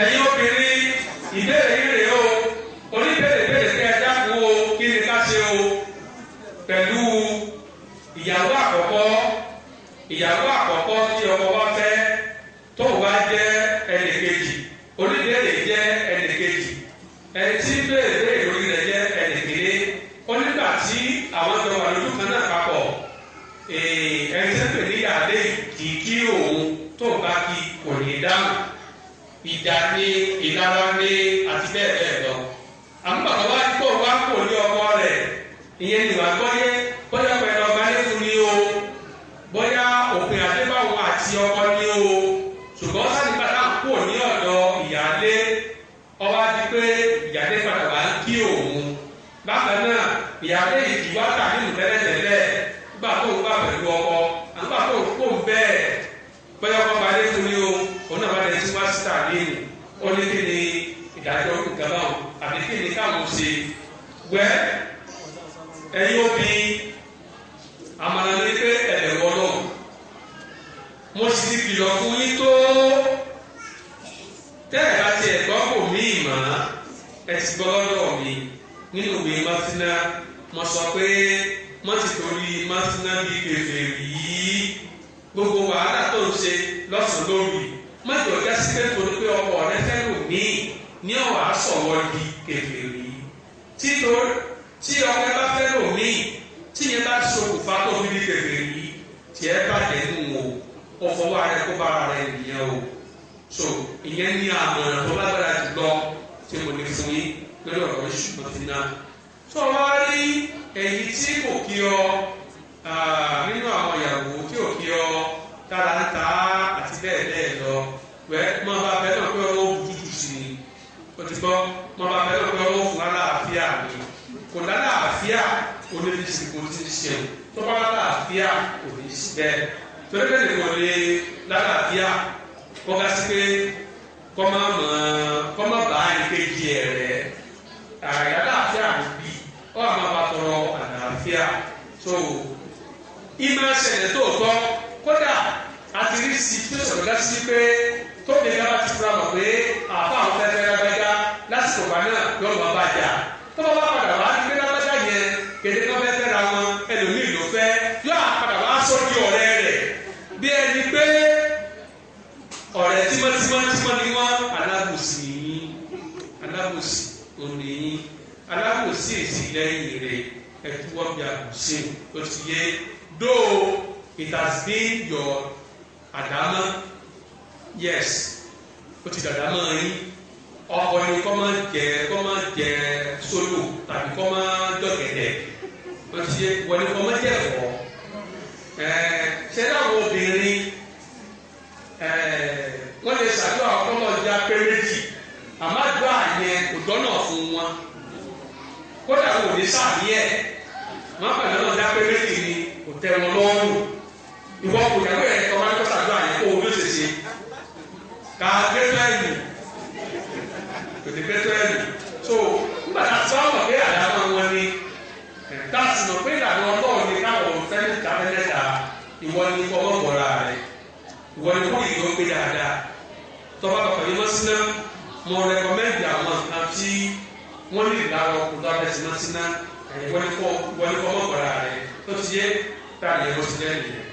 ẹ̀yin obìnrin ìbéèrè yìí rèé o oníbèrè bèrè pé ẹ dákun o kí ni ká ṣe o pẹ̀lú ìyàwó àkọ́kọ́ ìyàwó àkọ́kọ́ tí ọkọ wa fẹ́ tó wá jẹ́ ẹnìkejì oníbèrè jẹ́ ẹnìkejì ẹni tí bèrè bèrè lórí rẹ̀ jẹ́ ẹnìkejì ó nígbà tí àwọn jọ wà lójú kan náà papọ̀ ẹni tí ń pè ní yàrá kìí kí òun tó bá kí kò ní dáhùn ìdání ìlànàdé àti bẹ́ẹ̀ bẹ́ẹ̀ lọ. àmọ́ bàbá wa kó wa kò ní ọkọ rẹ̀ ìyẹn ni wà á gbọ́yé bóyá pẹ̀lú ọba lẹ́kùn ni o bóyá òpin àdébáwò àti ọkọ ni o ṣùgbọ́n sáni padà kò ní ọ̀dọ̀ ìyáálé ọba ti pé ìyáálé padà wà á kí òun bákan náà ìyáálé ìdí wá tà nínú tẹ́lẹ̀tẹ́lẹ̀ nígbà tó ń gbà pẹ̀lú ọkọ àgbà tó ń kó bẹ́ẹ̀ bóyá ọkọ balẹ̀ fún mi onáwádẹ tí wọ́n sítà léèrè ó ní kí ni ìdájọ́ nǹkan báwọn àbí kí ni káwọn ṣe wẹ́ ẹ̀yin òbí àmàlà ní pé ẹ̀bẹ̀rù ọlọ́run mo sì ti kìlọ̀ fún yín tó tẹ́ ẹ̀ bá ti ẹ̀gbọ́n kò mí ìmọ̀ ẹ̀ ti gbọ́ lọ́dọ̀ mi nínú ìwé mọ́síná mo sọ pé mo ti torí mọ́síná bíi kèfèrí yìí gbogbo wàhálà tó ń ṣe lọ́sàn-án lórí má jẹ́ ọjà síbẹ̀ torí pé ọkọ rẹ fẹ́ lò mí ní ọ̀wà sọ̀wọ́ di kèfèrí tí ọkọ bá fẹ́ lò mí tí yẹn bá ṣokùnfà tó fi di kèfèrí tí ẹ bá dẹ̀ nù o ọ̀fọwọ́ rẹ kó bára rẹ nìyẹn o so ìyẹn ní àmọ̀ràn tó lágbára jùlọ tí mo lè fún yín lórí ọ̀rọ̀ ìṣùgbọ́n fi náà tó wá rí èyí tí kò kí ọ. Ah, wẹ mọ bá bẹ náà pé ọwọ́ òtútù sí ni o ti gbọ́ mọ bá bẹ náà pé ọwọ́ fún aláàfíà mi kò lálàáfíà oníṣẹ́ kò ti ṣe tó bá lálàáfíà kò ní í ṣe bẹ́ẹ̀ torí bẹ́ẹ̀ ni kò lè lálàáfíà kọ́ ká sí pé kọ́ má mọ̀ kọ́ má bàá ìkejì ẹ̀ rẹ̀ àyà láàfíà ló bí ọ́ àmọ́ bá tọrọ àlàáfíà tó ìmọ̀ ẹsẹ̀ àti rí sí sí pé tó lè dábàá ti fura mọ̀ pé àbá àwọn fẹ́fẹ́ lágbájá lásìkò bá náà yóò lọ bá jà tó bá bá padà wá ní lágbájá yẹn kéde náà fẹ́ fẹ́ ra wọn ẹlòmíì ló fẹ́ yóò padà wá sọ di ọ̀rẹ́ rẹ̀ bí ẹni pé ọ̀rẹ́ tímọ́tímọ́tímọ́ ni wọ́n alábòsí alábòsí òní alábòsí èsì lẹ́yìn rẹ̀ ẹ̀túwọ́bí àbòsí ó ti yé though it has been your àdámọ́ yes ó ti dàdámọ́ yín ọkọ ni kọ́ máa jẹ kọ́ máa jẹ solo tàbí kọ́ máa dọ̀gẹ̀dẹ̀ wọ́n ti wọlé kọ́ máa jẹ ẹ̀fọ́ ṣẹlẹ̀ àwọn obìnrin wọ́n lè ṣàdúrà ọkọ́ náà jẹ́ apẹ́rẹ́jì àmọ́ àdúrà yẹn kò dọ́nà fún wọn kódà kò ní sàbí ẹ̀ wọ́n pẹ̀lú ọ̀dà apẹ́rẹ́jì ni kò tẹ̀ wọn lọ́rùn ìwọ kò yàgbẹ́ ẹ̀ ṣe ká gẹ́tẹ́ẹ̀lì kòtò gẹ́tẹ́ẹ̀lì so nígbà tá a sọ ọ̀nà pé àdámọ́ wọn ni tá a sì mọ̀ pé ìlànà ọlọ́run ni káwọn fẹ́ẹ́ ta mẹ́tẹ́ta ìwọ ni ọlọ́mọ̀ra rẹ ìwọ ni kó ìlú pé dáadáa tọ́ba bàbá yìí mọ́síná mo rẹkọmẹ́ndì àwọn nǹkan tí wọ́n lè lára ọkùnrin tó abẹ́sí mọ́síná ìwọ ni kó ọlọ́mọ̀ra rẹ tó ti yẹ tá a lè mọ́síná nìyẹn.